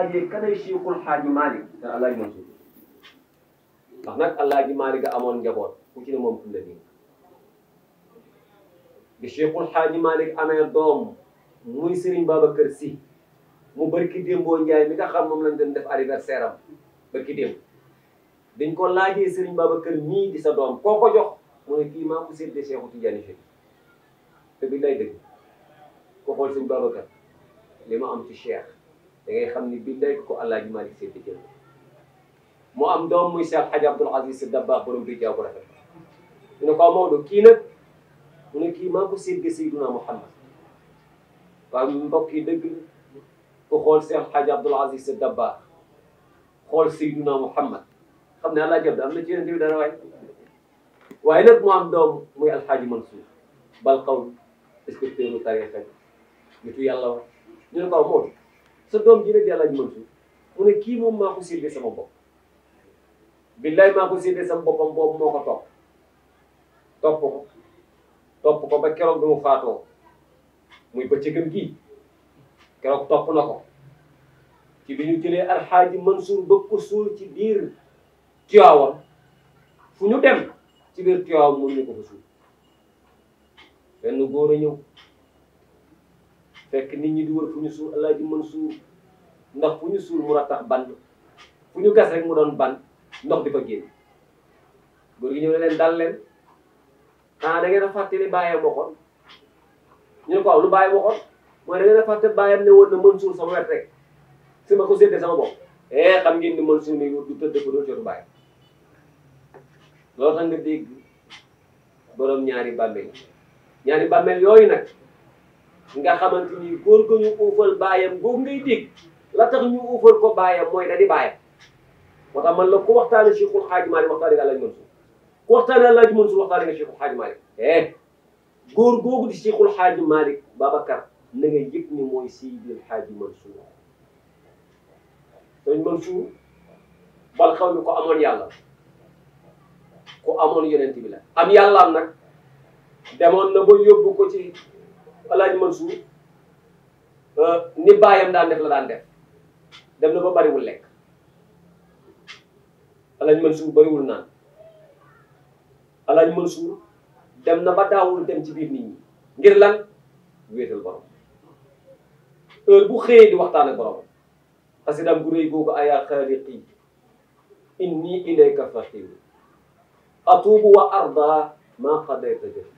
laajee kanay Cheikhul Xaaji Malick te Alaaji Mansuur ndax nag Alaaji Malick a amoon njaboot ku ci ne moom fu la dégg bi Cheikhul Xaaji Malick amee doom muy Serigne Babacar Sy mu barki démboo Njaay mi nga xam moom lañ doon def anniversaire am barki démb dañ ko laajee Serigne Babacar mii di sa doom koo ko jox mu ne kii maa ko séddee Cheikhu Tidiane Chérif te bi lay dëgg ko xool Serigne Babacar li ma am ci Cheikh da ngay xam ni billaay ko Alaaji Malick Sy di jël moo am doom muy Cheikh Hadj Abdoul Aziz Sy Dabakh borom di jaaw bu rafet ñu ne ko ah, Maodo kii nag mu ne kii maa ko séddee Seydina Mouhamed waaw mbokk yi dëgg ku xool Cheikh Hadj Abdoul Aziz Sy Dabakh xool Seydina Mouhamed xam ne Alaaji Abdoul am na ci yeneen bi dara waay waaye nag moo am doom muy Alxaaji Mansour bal xaw inspecteur u tarixa nitu yàlla wa ñu ne ko ah, Maodo sa doom ji rek yàlla ñu mu ne kii moom maa ko séddee sama bopp billaay maa ko séddee sama boppam boobu moo ko topp topp ko ba keroog bi mu faatoo muy bëccëgam gii keroog topp na ko ci bi ñu jëlee alxaaji Mansour ba ko suul ci biir Tiwaawam fu ñu dem ci biir Tiwaawam mun ñu ko fa suul benn góor a ñëw fekk nit ñi di wër fu ñu suul Alaaji Mansuur ndax fu ñu suul mu rattax ban fu ñu gas rek mu doon ban ndox di fa génn góor gi ñëw ne leen dal leen ah da ngeen a fàtte li bàyyam waxoon ñu ne ko waaw lu bàyyi waxoon mooy da ngeen a fàtte bàyyam ne woon na Mansuur sama wet rek si ma ko séddee sama bopp eh xam ngeen ni Mansuur mi du tëdd ko doon jotu bàyyi loolu tax nga dégg borom ñaari bàmmeel ñaari bàmmeel yooyu nag. nga xamante ni góor ga ñu uufal baayam boobu ngay dégg la tax ñu uufal ko baayam mooy da di baayam moo tax man la ku waxtaane Cheikhul Hadj Malick waxtaane nga Alaaji Mansour ku waxtaane Alaaji Mansour waxtaane nga Cheikhul Hadj Malick eh góor googu di Cheikhul Hadj Malick Babacar na nga ni mooy Seydil Hadj Mansour sëñ Mansour bal xaw mi ko amoon yàlla ku amoon yonent bi am yàllaam nag demoon na ba yóbbu ko ci Alaaji Mansuur ah, ni baayam daan def la daan def dem na ba bariwul lekk Alaaji Mansuur bariwul naan Alaaji Mansuur dem na ba daawul dem ci biir nit ñi ngir lan wéetal borom heure bu xëyee di waxtaan ak borom xasidaam gu réy googu ayaa xaaliqi inni ilayka faqir atuubu wa arda maa qadayta jëf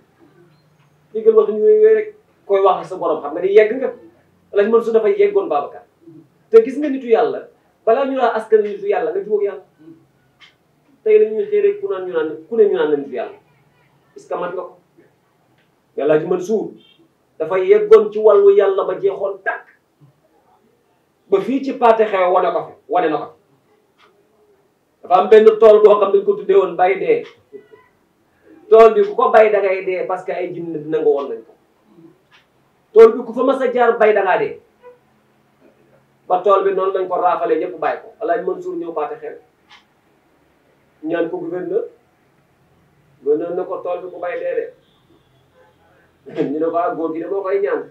digal wax ñu yooyu koy wax sa borom xam nga ni yegg nga lañ mën su dafa yeggoon Babacar te gis nga nitu yàlla balaa ñu naan askan nitu yàlla nga jóg yàlla tey la ñuy xëy rek ku naan ñu ne ñu naan la nitu yàlla est-ce nga ko yàlla ji suur dafa yeggoon ci wàllu yàlla ba jeexoon tàkk ba fii ci paate xew wane ko fi wane na ko fi dafa am benn tool boo xam dañ ko tuddee woon bay dee tool bi ku ko bay da dee parce que ay jinne dina nga woon nañ ko tool bi ku fa mas a jaar bay da ngaa ba tool bi noonu lañ ko raafalee ñëpp bàyyi ko alaaj Mansour ñëw baate xel ñaan ko gouverneur gouverneur na ko tool bi ku bay dee de ñu ne ko ah góor gi de moo koy ñaan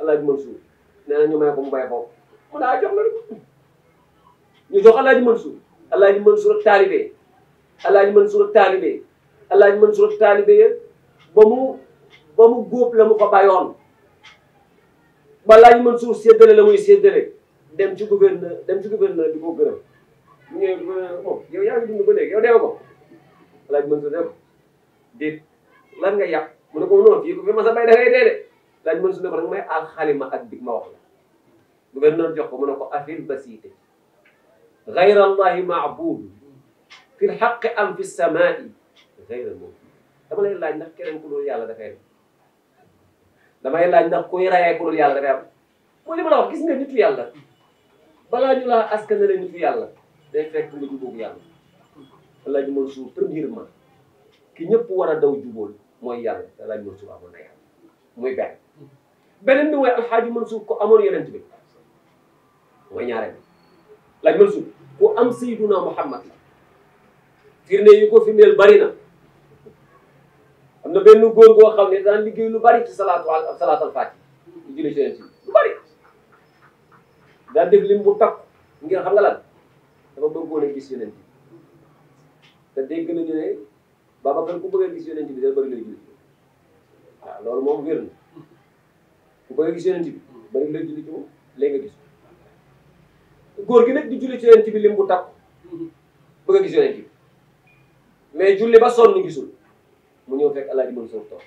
alaaj Mansour nee na ñu may ko mu bay foofu mu daa ah, jox la ñu jox alaaj Mansour alaaj Mansour ak taalibe alaaj Mansour ak taalibe alaaj Mansour ba mu ba mu góob la mu ko bayoon balaa ñu mën suuf séddale la muy séddale dem ci gouverneur dem ci gouverneur di ko gërëm mu ñëwee gouverneur moom yow yaa ngi dund ba léegi yow deewe ko dem déet lan nga yàq mu ne ko a fii ko fi masa bay dafay dee de laaj mën su ne ko may al xalima ak ma wax la gouverneur jox ko mu ne ko afil basiite gayra allahi maabuud fi lxaqi fi laaj ndax keneen ku dul yàlla dafay def damay laaj na kuy rayee ku dul yàlla dafay am mooy li ma la wax gis nga nitu yàlla balaa ñu laa nitu yàlla day fekk nga jubóog yàlla Alaaji Mansuur premièrement ki ñëpp war a daw jubóol mooy yàlla Alaaji Mansuur amoon na yàlla muy benn beneen bi mooy Alxaaji Mansuur ku amoon yonent bi mooy ñaareel Alaaji Mansuur ku am Sayyiduna Muhammad la yi ko firndeel bari na na benn góor goo xam ne daan liggéey lu bari ci salaatu al salaatal faati ci yonent bi lu bari daan def lim bu takk ngir xam nga lan dafa bëggoon a gis yonent bi te dégg nañu ne Babacar ku bëgg a gis yonent bi dana bëri lay julli loolu moom wér na ku bëgg a gis yonent bi bëri lay julli ci moom léegi gi nag di julli ci yonent lim bu takk mm-hmm. bëgg a gis yonent bi mais julli ba sonn gisul mu ñëw fekk mu Mansour toog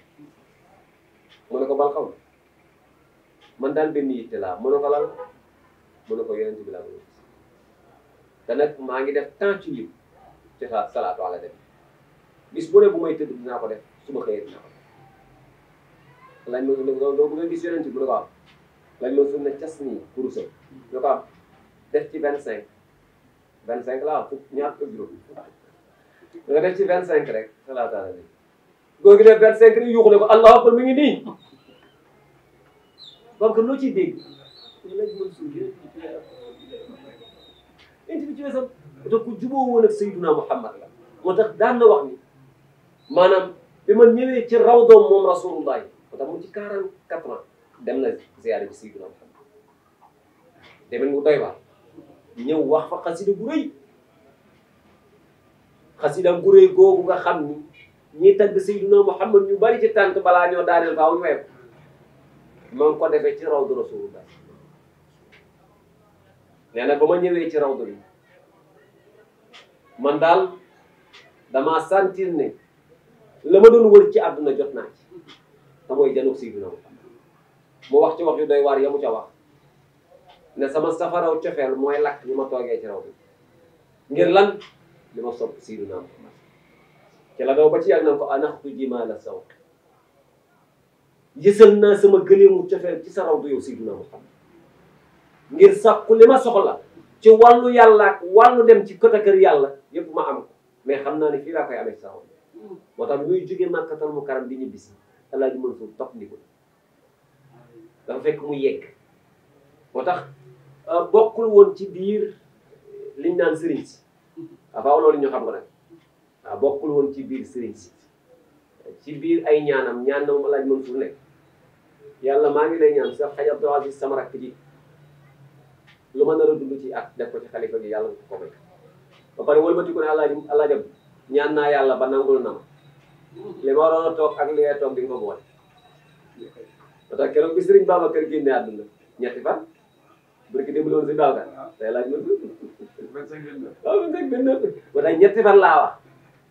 mu ne ko bal xaw man daal benn yitte laa mu ne ko lal mu ne ko yonent bi laa maa ngi def temps ci lim ci sa salaatu bu ne ko def suba xëyee dinaa ko def lañ ma a gis yonent bi mu ne ne ko def ci vingt cinq vingt cinq laa fukk ñaar fukk juróom nga def ci vingt cinq rek salaatu ala dem góor gi def vingt cinq rek yuuxu ne ko allahu akbar mi ngi nii donc loo ciy dégg intellectuel sam te ku juboo woon ak Seydina Muhammad la moo tax daan na wax ni maanaam bi ma ñëwee ci raw doom moom rasulullah yi mu ci quarante quatre ans dem na ziyaare ci Seydina Muhammad demen mu doy waar ñëw wax fa xasida gu rëy xasida googu nga xam ni ñi tagg Seydina Muhammad ñu bari ci tànk balaa ñoo daaneel faaw ñu weeku ko defee ci rawdu rasulullah nee na ba ma ñëwee ci rawdu bi man daal dama sentir ne la ma doon wër ci àdduna jot naa ci te mooy janoog Seydina Muhammad mu wax ci wax yu doy waar yamu ca wax ne sama safaraw cofeel mooy lakk ñi ma toogee ci raw bi ngir lan li ma sopp Seydina Muhammad ci la daw ba ci yàgg naan ko anaxtu jima la saw yësal naa sama gëleemu cofeel ci sa raw du yow Seydina Muhammad ngir sàkku li ma soxla ci wàllu yàlla wàllu dem ci côté yàlla yëpp ma am mais xam naa ne fii laa koy amee saxoon moo tax muy jógee màkkatal mu karam bi ñu bis El Hadj Mansour topp ni ko dafa fekk mu yegg moo tax euh, bokkul woon ci biir liñ naan sëriñ si avant loolu ñu xam ko nag waaw bokkul woon ci biir sëriñ si biir ay ñaanam ñaan na ma laaj mën nekk yàlla maa ngi lay ñaan sax xaj Abdou Aziz sama rakk lu ma nar a ci at def ko ci xalifa gi yàlla ko may ba pare wëlbati ko ne alaaj alaajam ñaan naa yàlla ba nangul na ma li ma waroon a toog ak li ngay toog di nga ma keroog bi sëriñ Babacar génne àdduna ñetti fan barki dem loon si Babacar day laaj mën fu waaw vingt cinq vingt neuf ba tax ñetti fan laa wax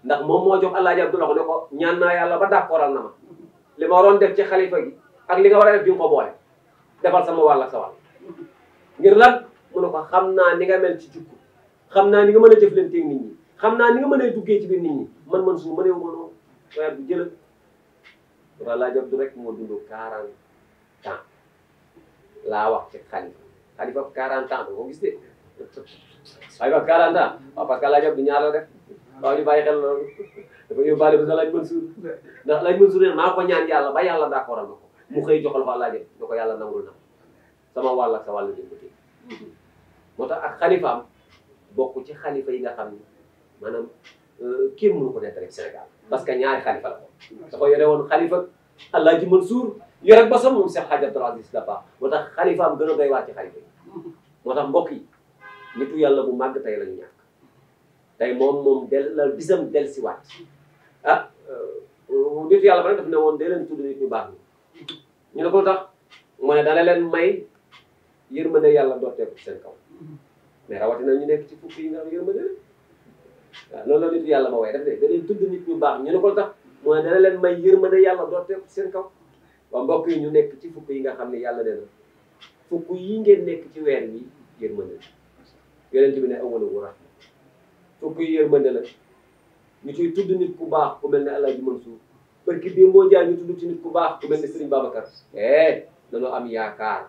ndax moom moo jox Alaaji Abdoulaye ne ko ñaan naa yàlla ba d'accordal na ma li ma waroon def ci xalifa gi ak li nga war a def bi nga ko boole defal sama wàll ak sa wàll ngir lan mu ne ko xam naa ni nga mel ci jukku xam naa ni nga mën a jëflanteeg nit ñi xam naa ni nga mën a duggee ci biir nit ñi man man su ma nee woon noonu weer bu jëlal dafa Alaaji Abdu rek moo dund 40 ans laa wax ci xalifa xalifa 40 ans da ko gis de xalifa 40 ans waaw parce que Alaaji Abdu ñaar la rek waaw ñu bàyyi xel loolu dafa yóbbaale bi sax laaj Mansour ndax laaj Mansour ne maa ko ñaan yàlla ba yàlla d'accord ma mu xëy joxol ko àllaaje da ko yàlla nangul na sama wàll sa wàll jëm ko moo tax ak xalifaam bokk ci xalifa yi nga xam ni ne maanaam euh, kenn mënu ko nettali Sénégal parce que ñaari xalifa la ko dafa woon xalifa Alaaji Mansour yore ba sa moom Cheikh Hadj Abdoul Aziz Dabakh moo tax xalifaam gën a doy waar ci xalifa moo tax mbokk yi nitu yàlla bu màgg tey la ñu tey moom moom del bisam del si waat ah euh, nit yàlla ba rek daf ne woon day leen tudd nit ñu baax ñu ne ko tax mu ne leen may yërmande yàlla dooteeku seen kaw mais rawatina ñu nekk ci fukk yi nga xam yërmande la waaw ah, la yàlla ma way ne da leen tudd nit ñu baax ñu ne ko tax mu ne leen may yërmande yàlla dooteeku seen kaw waaw mbokk yi ñu nekk ci fukk yi nga xam ne yàlla nee na fukk yi ngeen nekk ci weer yi yërmande la yonent bi ne awalu rahma fukk yi yërmande la ñu ciy tudd nit ku baax ku mel ne mën Hadj Mansour barki bii moo jaay ñu tudd ci nit ku baax ku mel ne Serigne Babacar. eh dañoo am yaakaar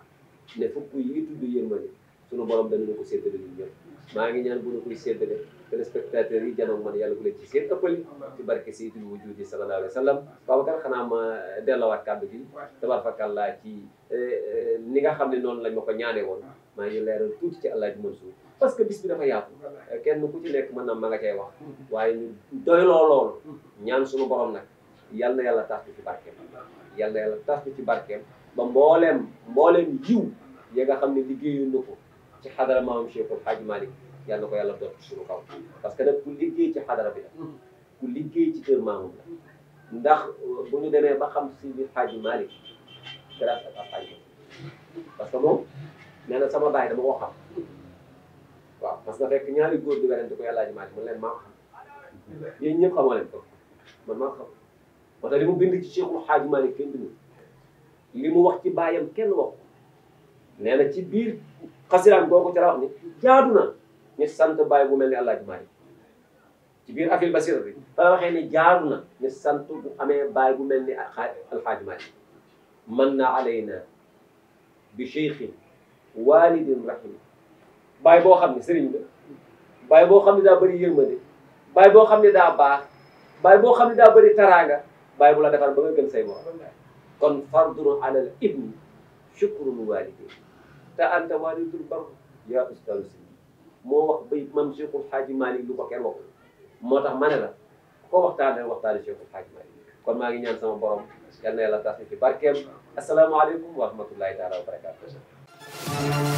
ne fukk yi tudd yërmande sunu borom danañu ko séddale ñun ñëpp maa ngi ñaan bu ñu koy séddale téléspectateurs yi janoog man yàlla bu leen ci seen ëppali ci barke Seydil Wujudi sallallahu alayhi wa sallam Babacar xanaa ma delloowaat kàddu gi tabarakallah ci eh, eh, ni nga xam ne noonu lañ ma ko ñaane woon maa ngi leeral tuuti ci El Hadj Mansour parce que bis bi dafa yaatu kenn ku ci nekk mën na ma nga cay wax mm-hmm. waaye ñu mm-hmm. ñaan suma borom nag yal na yàlla taas ci barkeem yal na yàlla taas ñu ci barkeem ba mbooleem mbooleem yiw ya nga xam ne liggéeyoon na ko ci xadara maam Cheikh Hadj Malick yal na ko yàlla doot suñu kaw parce que nag ku liggéey ci xadara bi la mm-hmm. ku liggéey ci kër maamam la ndax euh, bu ñu demee ba xam si biir Hadj Malick grâce ak Hadj parce que moom nee na sama baay dama waaw parce que fekk ñaari góor di werante ko yàllaa ji maa mu leen maa ko xam yéen ñëpp xamoo leen ko man maa ko xam moo li mu bind ci Cheikhul Xaaji Malick kenn bind li mu wax ci baayam kenn wax nee na ci biir xasiraan boo ko ca wax ni jaadu sant baay bu mel ni àllaaji Malick ci biir afil basira bi fa la waxee na ñu sant bu amee man na alayna bi cheikhin walidin rahim baay boo xam ne sëriñ la baay boo xam ne daa bari bëri yërmande baay boo xam ne daa baax baay boo xam ne daa bëri taraanga baay bu la defar ba nga gën say morom kon fardun alal ibni shukrul walidayn te anta walidul bar yaa ustaadu si moo wax bay mam Cheikhul Xaaji Malik lu ko kenn waxul moo tax ma ne la ko waxtaanee waxtaanee Cheikhul Xaaji Malik kon maa ngi ñaan sama borom yal na yàlla tas ci barkeem asalaamaaleykum wa rahmatullahi taala wa barakatuh